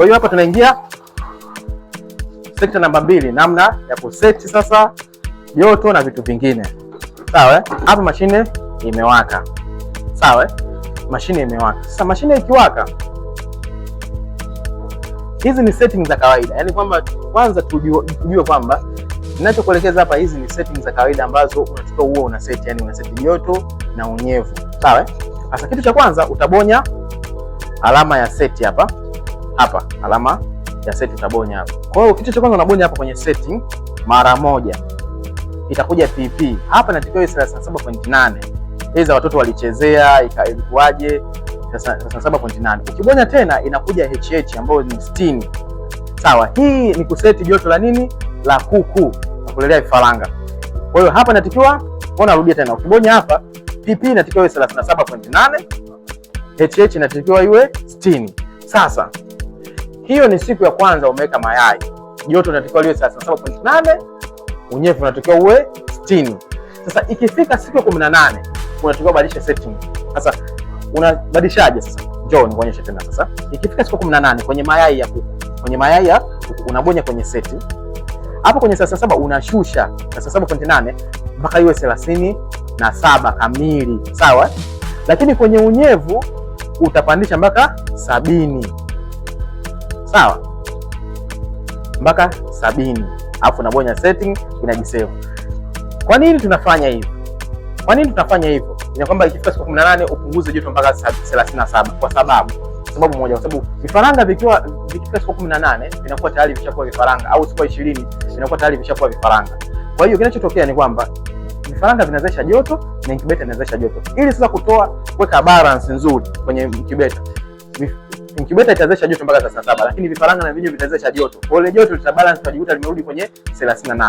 Kwa hiyo hapa tunaingia sekta namba mbili, namna ya kuseti sasa joto na vitu vingine. Sawa, eh? hapa mashine imewaka. Sawa, eh? mashine imewaka. Sasa mashine ikiwaka, hizi ni settings za kawaida, yaani kwamba kwanza tujue kwamba ninachokuelekeza hapa, hizi ni settings za kawaida ambazo unatakiwa uwe una set, yani una set joto na unyevu. Sawa, eh? sasa kitu cha kwanza utabonya alama ya set hapa hapa alama ya set utabonya hapa. Kwa hiyo kitu cha kwanza unabonya hapa kwenye setting mara moja, itakuja PP hapa, inatakiwa 37.8 Hizo watoto walichezea ikaikuaje 37.8. Ukibonya tena inakuja HH ambayo ni 60. Sawa, hii ni kuseti joto la nini la kuku na kulelea vifaranga. Kwa hiyo hapa ona, rudia tena, ukibonya hapa PP inatakiwa iwe 37.8, HH inatakiwa iwe 60. Sasa hiyo ni siku ya kwanza umeweka mayai, joto inatakiwa liwe 37.8, unyevu unatakiwa uwe 60. Sasa ikifika siku ya 18 unatakiwa badilisha setting. Sasa unabadilishaje? Sasa njoo nikuonyeshe tena. Sasa ikifika siku 18 kwenye mayai ya kuku, kwenye mayai ya kuku unabonya kwenye setting hapo kwenye 37 unashusha 37.8 mpaka iwe 37 kamili, sawa. Lakini kwenye unyevu utapandisha mpaka sabini sawa, mpaka sabini, alafu nabonya setting inajisave. Kwa nini tunafanya hivyo? Kwa nini tunafanya hivyo? Ni kwamba ikifika siku 18 upunguze joto mpaka 37 kwa sababu sababu moja, kwa sababu vifaranga vikiwa vikifika siku 18 vinakuwa tayari vishakuwa vifaranga, au siku 20 vinakuwa tayari vishakuwa vifaranga. Kwa hiyo kinachotokea ni kwamba vifaranga vinawezesha joto na incubator inawezesha joto, ili sasa kutoa kuweka balance nzuri kwenye incubator Incubator itawezesha joto mpaka 37 lakini vifaranga na vinyo vitawezesha joto. Kwa hiyo joto litabalance tutajikuta limerudi kwenye 38.